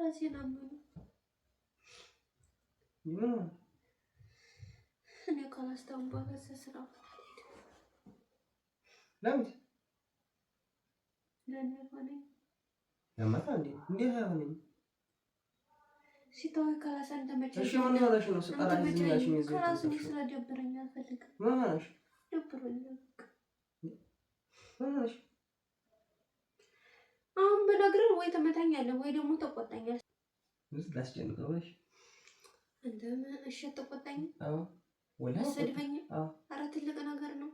ራሴን አመመኝ። እኔ ካላስታውን በኋላ ለምን ለእኔ ለማታ እንዴ እንዴ እሺ ምን ነው? ስጠራ ስራ አልፈልግም። ምን ሆነሽ? ደብሮኛል። ምን ሆነሽ? አሁን ብነግርህ ወይ ትመታኛለህ ወይ ደግሞ ተቆጣኛለህ። ምን ታስጨንቀው ነሽ እንደም እሺ፣ ተቆጣኝ። አዎ ወላ ሰድበኝ። አዎ ኧረ ትልቅ ነገር ነው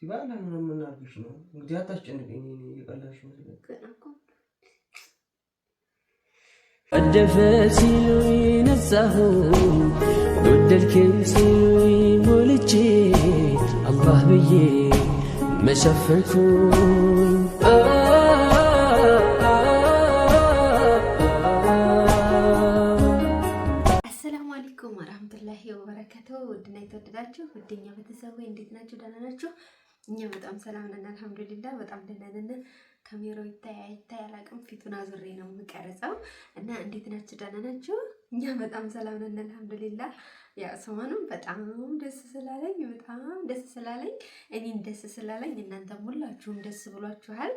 ሲባል ምን የምናርግሽ ነው እንግዲህ፣ አታስጨንቀኝ። የቀላሽ መስሎኝ ቀደፈ ሲሉኝ ነጻሁ ወደድከኝ ሲሉኝ ሞልቼ አላህ ብዬ መሸፈንኩ ይስጥላችሁ ውደኛ ቤተሰብ ወይ እንዴት ናችሁ? ደህና ናችሁ? እኛ በጣም ሰላም ነን፣ አልሐምዱሊላህ በጣም ደህና ነን። ካሜራው ይታይ አይታይ አላውቅም፣ ፊቱን አዙሬ ነው የምቀርጸው እና እንዴት ናችሁ? ደህና ናችሁ? እኛ በጣም ሰላም ነን፣ አልሐምዱሊላህ። ያ ሰሞኑን በጣም ደስ ስላለኝ በጣም ደስ ስላለኝ እኔን ደስ ስላለኝ እናንተም ሁላችሁም ደስ ብሏችኋል።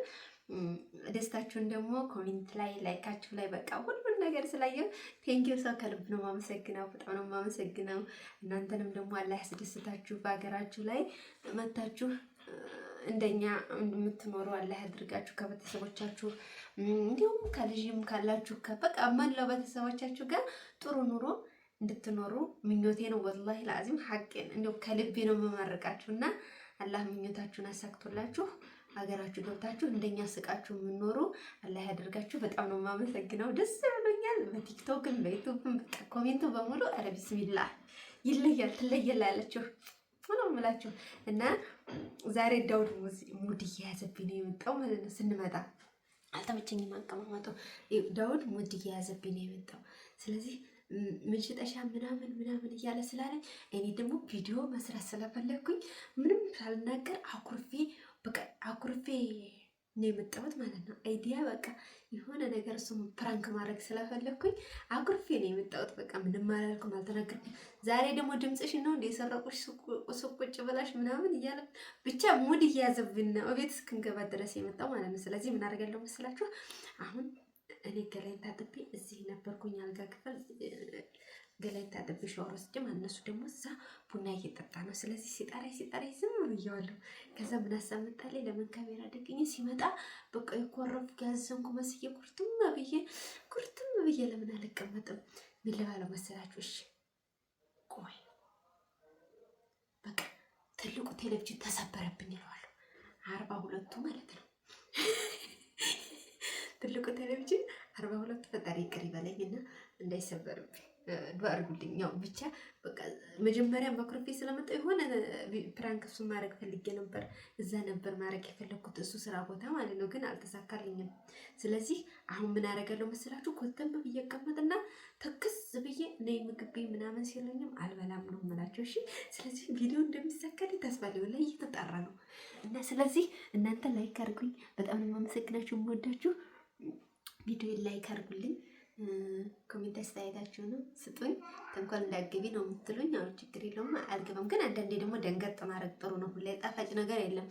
ደስታችሁን ደግሞ ኮሜንት ላይ ላይካችሁ ላይ በቃ ሁሉን ነገር ስላየው ቴንኪው ሰው ከልብ ነው ማመሰግነው። በጣም ነው ማመሰግነው። እናንተንም ደግሞ አላህ ያስደስታችሁ። በሀገራችሁ ላይ መታችሁ እንደኛ የምትኖሩ አላህ ያድርጋችሁ። ከቤተሰቦቻችሁ እንዲሁም ከልጅም ካላችሁ በቃ መላው ቤተሰቦቻችሁ ጋር ጥሩ ኑሮ እንድትኖሩ ምኞቴ ነው። ወላሂ ለአዚም ሀቅን እንዲሁ ከልቤ ነው መመረቃችሁ እና አላህ ምኞታችሁን አሳክቶላችሁ ሀገራችሁ ገብታችሁ እንደኛ ስቃችሁ የምኖሩ አላህ ያደርጋችሁ። በጣም ነው የማመሰግነው። ደስ ብሎኛል። በቲክቶክም በዩቱብም በቃ ኮሜንቱ በሙሉ አረ ቢስሚላ ይለያል ትለየላለችሁ ነው ምላችሁ እና ዛሬ ዳውድ ሙድ እየያዘብኝ ነው የመጣው ማለት ነው። ስንመጣ አልተመቸኝም አቀማመጡ። ዳውድ ሙድ እየያዘብኝ ነው የመጣው ስለዚህ ምንሽጠሻ ምናምን ምናምን እያለ ስላለኝ እኔ ደግሞ ቪዲዮ መስራት ስለፈለግኩኝ ምንም ሳልናገር አኩርፌ በቃ አኩርፌ ነው የመጣሁት ማለት ነው። አይዲያ በቃ የሆነ ነገር እሱም ፕራንክ ማድረግ ስለፈለግኩኝ አኩርፌ ነው የመጣሁት። በቃ ምንም አላልኩም፣ አልተናገርኩም። ዛሬ ደግሞ ድምፅሽ ነው እንደ የሰረቁሽ ሱቅ ብላሽ ምናምን እያለ ብቻ ሙድ እያዘብን ነው ቤት እስክንገባ ድረስ የመጣው ማለት ነው። ስለዚህ ምን አደርጋለሁ መስላችሁ አሁን እኔ ገላይን ታጥቤ እዚህ ነበርኩኝ አልጋ ክፍል ገላይ ታጠብሽ ሻወር ወስጄ እነሱ ደግሞ እዛ ቡና እየጠጣ ነው። ስለዚህ ሲጠራኝ ሲጠራኝ ዝም ብያዋለሁ። ከዛ ምን ሀሳብ መጣልኝ፣ ለምን ካሜራ ደግኝ ሲመጣ በቃ የኮረፍኩ ያዘንኩ መስዬ ኩርትም ብዬ ኩርትም ብዬ ለምን አልቀመጥም? ምን ልባለው መሰላችሁ? እሺ ቆይ በቃ ትልቁ ቴሌቪዥን ተሰበረብኝ ይለዋሉ። አርባ ሁለቱ ማለት ነው ትልቁ ቴሌቪዥን አርባ ሁለቱ ፈጣሪ ይቅር ይበለኝና እንዳይሰበርብኝ ዱአ አድርጉልኝ። ያው ብቻ በቃ መጀመሪያ ማክሮፌ ስለመጣ የሆነ ፕራንክ እሱን ማድረግ ፈልጌ ነበር። እዛ ነበር ማድረግ የፈለግኩት እሱ ስራ ቦታ ማለት ነው፣ ግን አልተሳካልኝም። ስለዚህ አሁን ምን አደርጋለሁ መሰላችሁ? ኮተም ብዬ እቀመጥና ተክስ ብዬ ነይ ምግብ ምናምን ሲለኝም አልበላም ነው የምላቸው። እሺ። ስለዚህ ቪዲዮ እንደሚሳካልኝ ተስፋ ሊሆን ላይ እየተጣራ ነው እና ስለዚህ እናንተ ላይክ አድርጉኝ። በጣም ነው የማመሰግናችሁ፣ የምወዳችሁ። ቪዲዮ ላይክ አድርጉልኝ። ኮሜንት አስተያየታችሁ ነው ስጡኝ። ተንኮል እንዳገቢ ነው የምትሉኝ፣ አሁን ችግር የለውም አልገባም። ግን አንዳንዴ ደግሞ ደንገጥ ማድረግ ጥሩ ነው። ሁሌ ጣፋጭ ነገር የለም።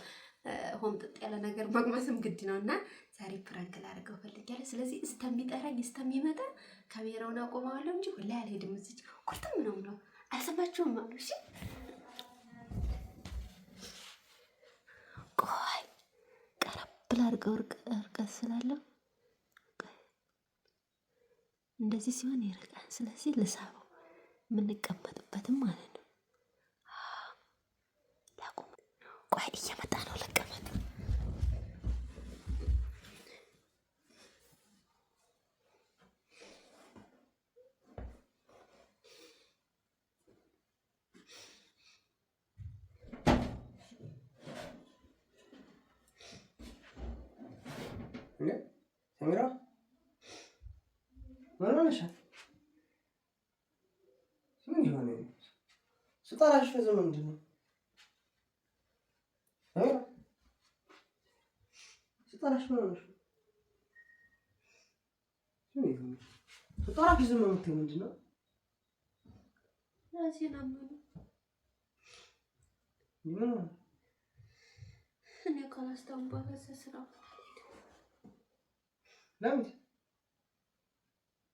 ሆም ጥጥ ያለ ነገር መቅመስም ግድ ነው እና ዛሬ ፕራንክ ላደርገው ፈልጌያለሁ። ስለዚህ እስከሚጠራኝ እስከሚመጣ ካሜራውን አቆመዋለሁ እንጂ ሁሌ አልሄድም። እዚህ ቁርጥም ነው ነው አልሰማችሁም አሉ። እሺ ቆይ ቀረብ ብላ አድርገው እርቀት ስላለሁ እንደዚህ ሲሆን ይርቃል። ስለዚህ ልሳበው የምንቀመጥበትም ማለት ነው። ላቁም፣ ቆይ እየመጣ ነው፣ ልቀመጥ። ሰሚራ ምን ሆነሻል? ምን ይሆነ ስጠራሽ ፈዘም ምንድን ነው? ስጠራሽ ምን ሆነሽ? ምን ይሆነ ስጠራሽ ዝም የምትይው ምንድን ነው? ራሴን አመመኝ። ምን እኔ ካላስታውም በኋላ ስራ ለምን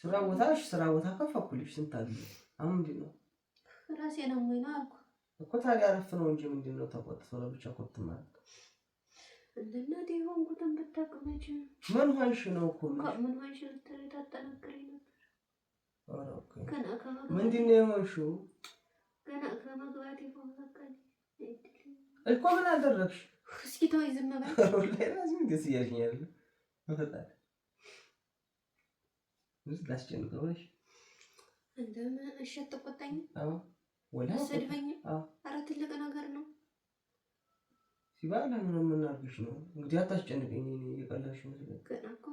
ስራ ቦታሽ ስራ ቦታ ከፈኩልሽ ስንት አለ። አሁን ምንድን ነው ራሴ ነው ወይ ነው አልኩ እኮ ታዲያ አረፍ ነው እንጂ ምንድን ነው ተቆጥቶ ለብቻ ቆጥ ማለት እንደናዴ ይሆን ጉድን ብታቀመጭ ምን ሆንሽ ነው እኮ ምን ሆንሽ ልትታጠነክሪ ነበር። ከና ከመግባት ምንድን ነው የሆንሽው? ገና ከመግባት ይሆን በቃ እኮ ምን አደረግሽ? እስኪ ተወይ ዝም በል። ሁሌ ራሱ ግስ ያኛል ወጣ እዚህ ላስጨንቀው ነሽ እንደም እሺ፣ አትቆጣኝ። አዎ ወላ ሰድበኝ። አዎ ኧረ ትልቅ ነገር ነው ሲባል ምን የምናርግሽ ነው እንግዲህ፣ አታስጨንቀኝ። እየቀላልሽ ነው ገና እኮ።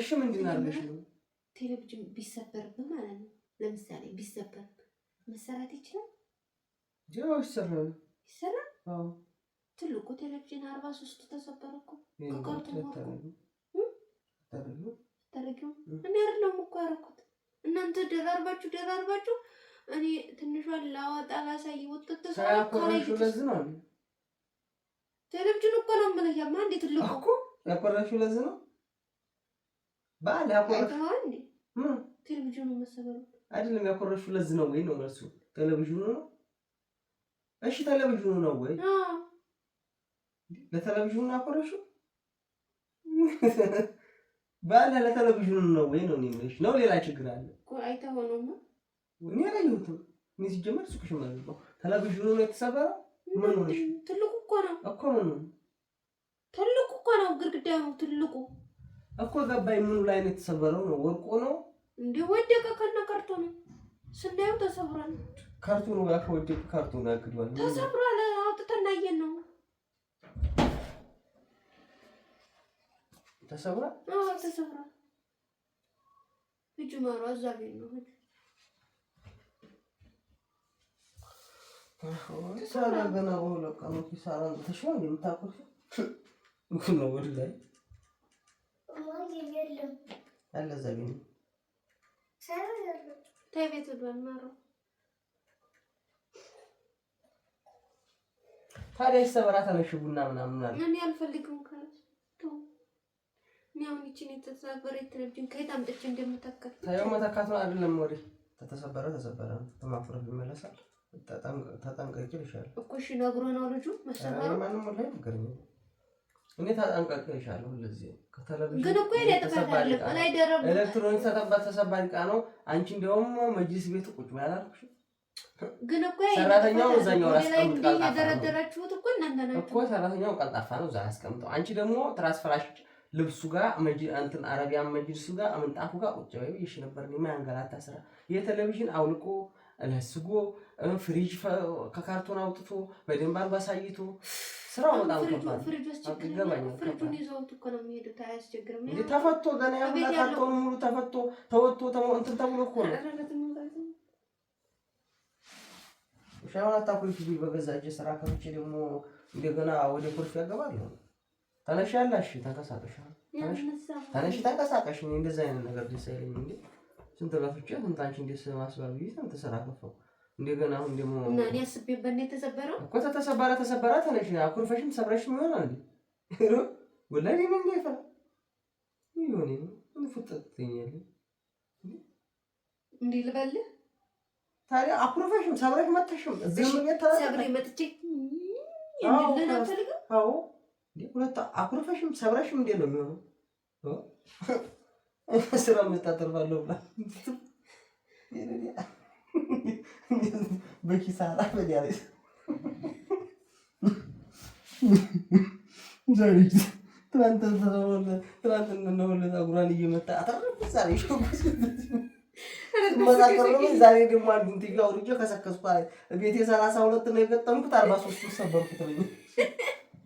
እሺ ምንድን ነው ነው? ቴሌቪዥን ቢሰበርብህ ማለት ነው። ለምሳሌ ቢሰበር መሰራት ይችላል። ጀሮ ይሰራል፣ ይሰራል። አዎ ትልቁ ቴሌቪዥን አርባ ሶስቱ ተሰበረ እኮ ከቀርቱ ነው ታረቂው እኔ አይደለም እኮ ያደረኩት። እናንተ ደራርባችሁ ደራርባችሁ እኔ ትንሿን ላወጣ ላሳይ ወጥቶ ተሰራኩ። ለዚህ ነው ቴሌቪዥን እኮ ነው የምልህ። ያማ እንዴ ትልቁ እኮ ያኮራሽው ለዚህ ነው ባል ያኮራሽው እንዴ? ቴሌቪዥኑ መሰበሩ አይደለም ያኮራሽው ለዚህ ነው ወይ ነው መልሱ? ቴሌቪዥኑ ነው። እሺ ቴሌቪዥኑ ነው ወይ? አዎ ለቴሌቪዥኑ ያኮራሽው ባለ ለቴሌቪዥኑ ነው ወይ ነው የሚልሽ ነው። ሌላ ችግር አለ እኮ አይተኸውም። እኔ አላየሁትም። እኔ ሲጀመር ሱቅሽ ማለት ነው ቴሌቪዥኑ ነው የተሰበረው። ምን ሆነሽ? ትልቁ እኮ ነው እኮ ምን ነው ትልቁ እኮ ነው ግድግዳ ነው ትልቁ እኮ ገባኝ። ምኑ ላይ ነው የተሰበረው? ነው ወርቆ ነው እንዴ? ወደቀ ከነ ካርቶኑ ስናየው ተሰብሯል። ካርቶኑ ከወደቀ ካርቶኑ ያግዷል። ተሰብሯል። አውጥተን አየን ነው ተሰብሯል። አዎ ተሰብሯል። እጁ ማሯ እዛ ቤት ነው። ሳራ ገና በሁለት ቀኑ ኪሳራ ተሽዋል። የምታቆሽ እንትን ነው ወደ ላይ አለ እዛ ቤት ነው። ተይ ቤት ሄዷል ማሯ። ታዲያ ይሰበራ ተነሽ ቡና ምናምን አለ እኔ አልፈልግም አሁን ይችን የተሰበረ የቴሌቪዥን ከየት አምጥቼ እንደምተካት ታየው። መተካት ነው አይደለም ወሬ ተተሰበረ ተሰበረ ተማፍረፍ ይመለሳል። ተጠንቀቂ ይሻላል እኮ እሺ፣ ነግሮ ነው ልጁ መሰበሩ። ማንም ላይ ነገር ነው እኔ ተጠንቀቂ ይሻላል። ለዚህ ከተለብሽ ግን እኮ ይሄ ላይ ደረብ ተጠባ ተሰባሪ ዕቃ ነው። አንቺ እንደውም መጅልስ ቤት ቁጭ ያላልኩሽ ግን እኮ ሰራተኛው እዛኛው ያስቀምጣል። የደረደራችሁት እኮ። ሰራተኛው ቀልጣፋ ነው፣ እዛ ያስቀምጠው። አንቺ ደግሞ ትራንስፈራሽ ልብሱ ጋር እንትን አረቢያን መጅልሱ ጋር ምንጣፉ ጋር ቁጭ በይ ብዬሽ ነበር። ያንገላታ ስራ የቴሌቪዥን አውልቆ ለስጎ ፍሪጅ ከካርቶን አውጥቶ በደንብ አድርጎ አሳይቶ ስራው በጣም ተፈቶ ገና ያሁላ ካርቶን ሙሉ ተፈቶ ተወጥቶ እንትን ተብሎ እኮ ነው። ሻሁን አታኩሪት በገዛ እጄ ስራ ከፍቼ ደግሞ እንደገና ወደ ኮርፍ ያገባለሁ። ተነሽ ያላሽ ተንቀሳቀሽ፣ ተነሽ፣ ተንቀሳቀሽ። ነው። እንደዛ አይነት ነገር ደስ አይለኝም። እንዴ ስንት ለፍቼ ስንት አንቺ እንዴ ማስባል ብዬ ስንት ስራ ከፈው እንደገና አሁን ደግሞ እና እኔ አስቤበት ነው የተሰበረው እኮ ተሰበረ፣ ተሰበረ። ተነሽ፣ አኩርፈሽም ተሰብረሽም ይሆናል እንዴ ወላሂ ምን ይፈራ ይሆን ምን ፍጥጥ ትኛለሽ እንዴ ልበልህ ታዲያ አኩርፈሽም ሰብረሽ መጥተሽም እዚህ ምን ተሰብረሽ መጥቼ እንዴ ለና አዎ ሁለት አኩርፈሽም ሰብረሽም እንዴት ነው የሚሆነው? ስራ መስታተርፋለሁ ብላ በኪሳራ ትናንትና ሁለት አጉራን እየመታ ዛሬ ደግሞ አንዱን ትይዤ አውርጄ ከሰከስኩ። ቤቴ ሰላሳ ሁለት ነው የገጠምኩት አርባ ሶስት ሰበርኩት።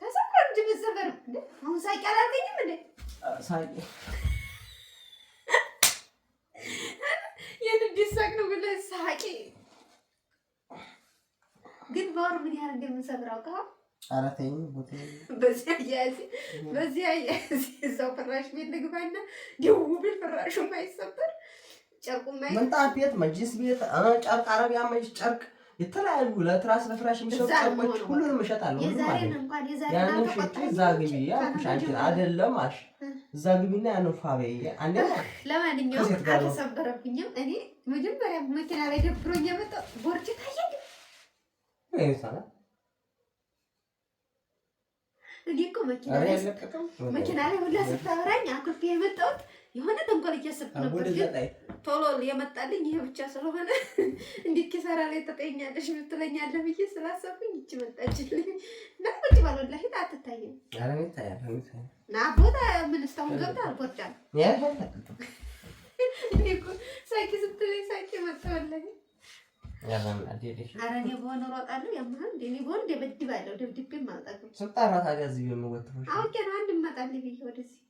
ተሰብረ እንጂ ግን በወር ምን ያህል እንደምንሰብር ኧረ ተይኝ። በዚህ አያያዝ በዚህ አያያዝ እዛው ፍራሽ ቤት ንግባና ደው ብል ፍራሹ ማይሰበር ጨርቁ ማይ ምንጣፍ ቤት፣ መጅሊስ ቤት፣ ጨርቅ አረቢያ መጅ ጨርቅ የተለያዩ ለትራስ ለፍራሽ የሚሰሩ ጨርቆች ሁሉንም እሸጣለሁ። ያንን ሽጬ እዛ ግቢ ያልኩሽ አንቺን አይደለም አሽ እዛ ግቢና ያንን ፋቤ በይ። ለማንኛውም አልተሰበረብኝም። እኔ መጀመሪያ መኪና ላይ ደብሮኝ የመጣው ጎርጅ ታየኝ። እኔ እኮ መኪና ላይ ሁላ ስታወራኝ አኩርፌ የመጣሁት የሆነ ተንኮል እያሰብኩ ነበር፣ ግን ቶሎ የመጣልኝ ይሄ ብቻ ስለሆነ እንዴት ኪሳራ ላይ ተጠኛለሽ ምትለኛለህ ብዬ ስላሰብኩኝ ይቺ መጣችልኝ። ለቁጭ ባለ ላይ ሂድ አትታየም ና ቦታ ምን እስካሁን ገብታ አልጎዳም። ሳቂ ስትለኝ ሳቂ መጣለኝ። ኧረ በሆነ እሮጣለሁ። ያመሀል እኔ በሆን ደበድባለሁ። ደብድቤ አልጠግም። ስጠራ ታዲያ እዚህ የምወጥፈው አውቄ ነው። አንድ እመጣልኝ ብዬ ወደዚህ